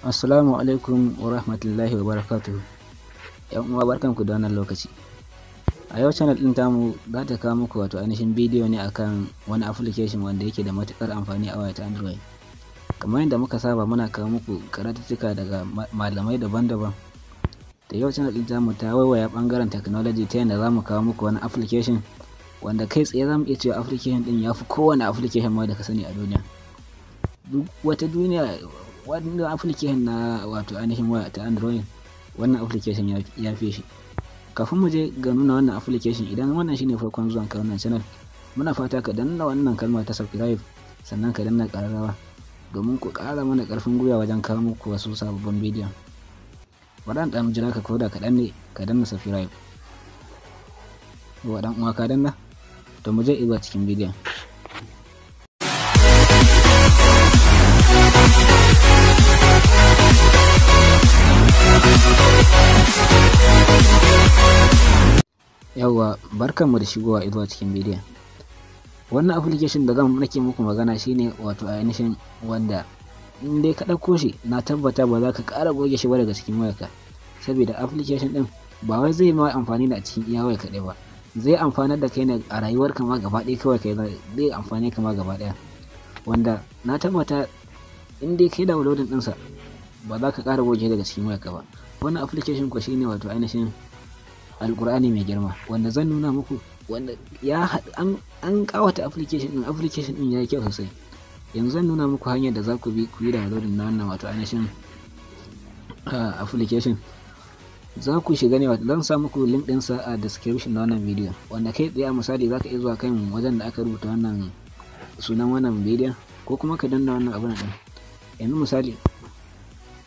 Assalamu alaikum wa rahmatullahi wa barakatu! ‘Yan uwa barkanku da wannan lokaci. A yau channel ɗin tamu za ta kawo muku wato ainihin bidiyo ne akan wani application wanda yake da matuƙar amfani a wayar Android. Kamar yadda muka saba muna kawo muku karatuttuka daga malamai daban-daban. Da yau channel ɗin tamu ta waiwaya ɓangaren technology ta yadda za mu kawo muku wani application wanda kai tsaye za mu iya cewa application ɗin ya fi kowane application ma da ka sani a duniya. Duk wata duniya wannan application na wato ainihin waya ta android wannan application ya fi shi kafin mu je ga nuna wannan application idan wannan shine farkon zuwan ka wannan channel muna fata ka danna wannan kalma ta subscribe sannan ka danna kararrawa domin ku ƙara mana karfin gwiwa wajen kawo muku wasu sababbin bidiyon waɗan dan jira ka koda kaɗan danne ka danna subscribe waɗan uwa ka danna to mu je cikin bidiyon yawwa barkanmu da shigowa zuwa cikin bidiyon wannan application da zan nake muku magana shine wato ainihin wanda in dai ka ɗauko shi na tabbata ba za ka ƙara goge shi ba daga cikin wayarka saboda application ɗin ba wai zai ma amfani da a cikin iya waya kaɗai ba zai amfanar da kai ne a rayuwar kama gaba ɗaya kawai kai zai amfani kama gaba ɗaya wanda na tabbata in dai kai downloading ɗinsa ba za ka ƙara goge daga cikin wayarka ba wannan application ko shine wato ainihin alkur'ani mai girma wanda zan nuna muku wanda ya an kawata application din application din yayi kyau sosai yanzu zan nuna muku hanyar da za ku bi ku yi downloading na wannan wato ainihin application za ku shiga ne wato zan sa muku link din sa a description na wannan video wanda kai tsaye misali za ka iya zuwa kan wajen da aka rubuta wannan sunan wannan video ko kuma ka danna wannan abin din yanzu misali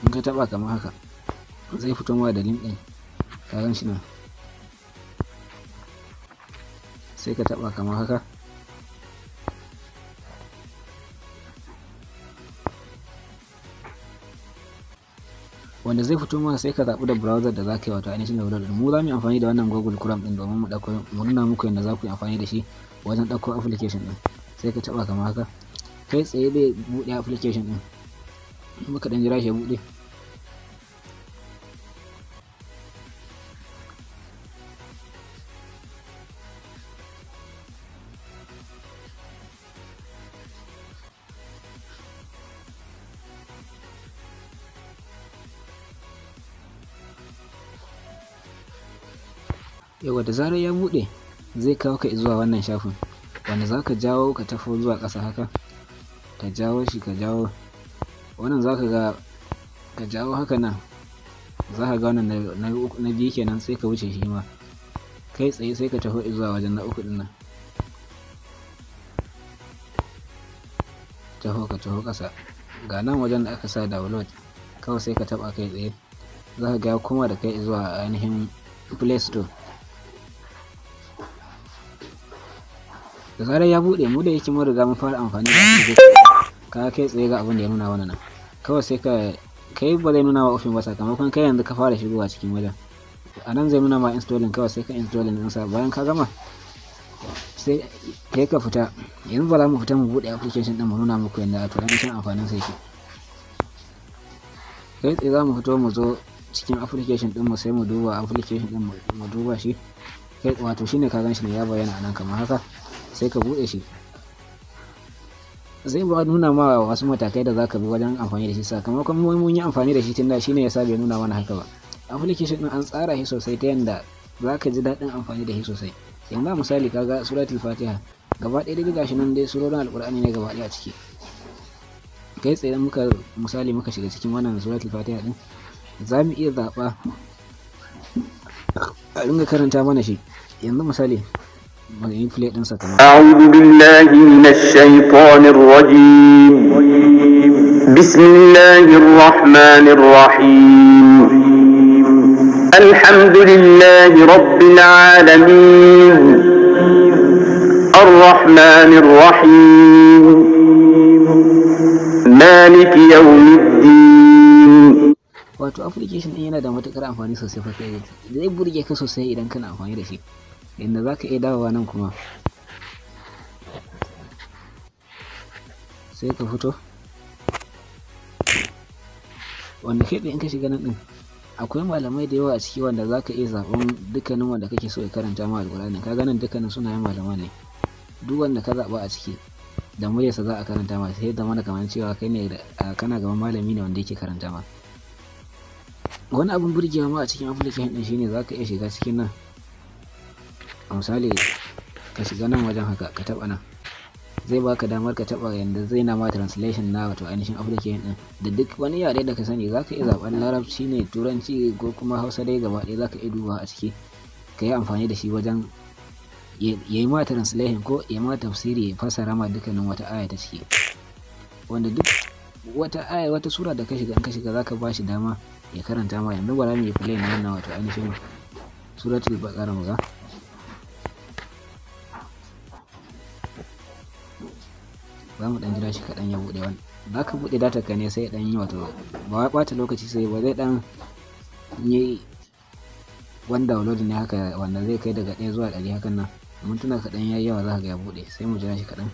in ka taba kamar haka zai fito ma da link din ka gan shi nan sai ka taba kamar haka wanda zai fito mana sai ka zaɓi da browser da za ka yi wato ainihin da wadda mu za mu yi amfani da wannan google chrome ɗin domin mu ɗauko mu nuna muku yadda za ku yi amfani da shi wajen ɗauko application ɗin sai ka taɓa kamar haka kai tsaye zai buɗe application ɗin muka ɗan jira shi ya buɗe yawa da zarar ya buɗe zai kawo ka zuwa wannan shafin wanda za ka jawo ka tafo zuwa ƙasa haka ka jawo shi ka jawo wannan za ka ga ka jawo haka nan za ka ga wannan na biyu kenan sai ka wuce shi ma kai tsaye sai ka taho zuwa wajen na uku din nan taho ka taho ƙasa ga nan wajen da aka sa download kawai sai ka taba kai tsaye za ka ga kuma da kai zuwa ainihin play store da zarar ya bude mu da yake mun riga mun fara amfani da shi ka kai tsaye ga abin da ya nuna mana nan kawai sai ka kai ba zai nuna wa ofin ba sakamakon kai yanzu ka fara shigowa cikin wajen a nan zai nuna ma installing kawai sai ka installing sa bayan ka gama sai kai ka fita yanzu ba za mu fita mu bude application din mu nuna muku yadda a shi amfanin sa yake kai tsaye za mu fito mu zo cikin application din mu sai mu duba application din mu duba shi kai wato shine ka gan shi ne ya bayyana a nan kamar haka sai ka buɗe shi zai ba nuna ma wasu matakai da za ka bi wajen amfani da shi sakamakon mun yi amfani da shi tun da shine yasa bai nuna mana haka ba application din an tsara shi sosai ta yanda za ka ji daɗin amfani da shi sosai yanzu misali kaga suratul fatiha gaba ɗaya dai gashi nan dai surorin alƙur'ani ne gaba ɗaya a ciki kai tsaye muka misali muka shiga cikin wannan suratul fatiha din za mu iya zaɓa a dinga karanta mana shi yanzu misali أعوذ بالله من الشيطان الرجيم بسم الله الرحمن الرحيم الحمد لله رب العالمين الرحمن الرحيم مالك يوم الدين wato application ɗin yana da matuƙar amfani sosai fa zai burge ka sosai idan kana amfani da shi inda za ka iya dawowa nan kuma sai ka fito wanda ke in ka shiga nan din akwai malamai da yawa a ciki wanda za ka iya zaɓen dukkanin wanda kake so ya karanta ma alƙur'ani ka ganin dukkanin suna yin malama ne duk wanda ka zaɓa a ciki da muryarsa za a karanta ma sai da mana kamar cewa kai ne kana gaban malami ne wanda yake karanta ma wani abin burgewa ma a cikin application din shine za ka iya shiga cikin nan a misali ka shiga nan wajen haka ka taba nan zai baka damar ka taba yanda zai na ma translation na wato ainihin application din da duk wani yare da ka sani zaka iya zaben larabci ne turanci ko kuma hausa dai gaba ɗaya zaka iya duba a ciki ka yi amfani da shi wajen ya yi ma translation ko ya ma tafsiri ya fassara ma dukkanin wata aya ta ciki wanda duk wata aya wata sura da ka shiga in ka shiga zaka ba shi dama ya karanta ma yanzu bara mu yi play na wannan wato ainihin suratul baqara mu ga za mu dan jira shi kaɗan ya buɗe wani ba ka buɗe data ka ne sai dan yi wato ba wa ɓata lokaci sai ba zai ɗan yi wani download ne haka wanda zai kai daga ɗaya zuwa ɗari hakan nan mintuna kaɗan ya yawa za ka ga ya buɗe sai mu jira shi kaɗan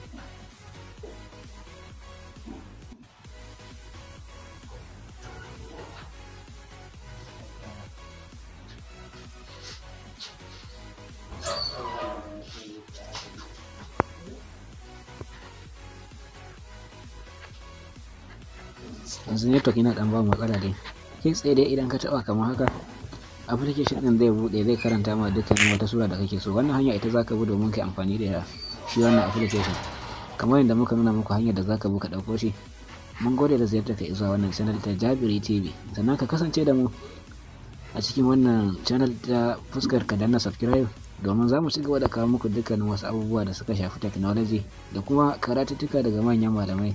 yanzu network yana dan ba matsala dai kai tsaye dai idan ka taba kamar haka application din zai bude zai karanta ma dukkanin wata sura da kake so wannan hanya ita zaka bi domin kai amfani da shi wannan application kamar yadda muka nuna muku hanyar da zaka bi ka dauko shi mun gode da ziyartar ka zuwa wannan channel ta Jabiri TV sannan ka kasance da mu a cikin wannan channel ta fuskar ka danna subscribe domin za mu cigaba da kawo muku dukkanin wasu abubuwa da suka shafi technology da kuma karatuttuka daga manyan malamai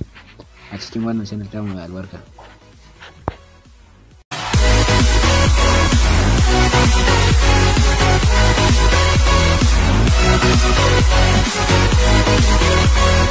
que bueno, wannan en el tramo de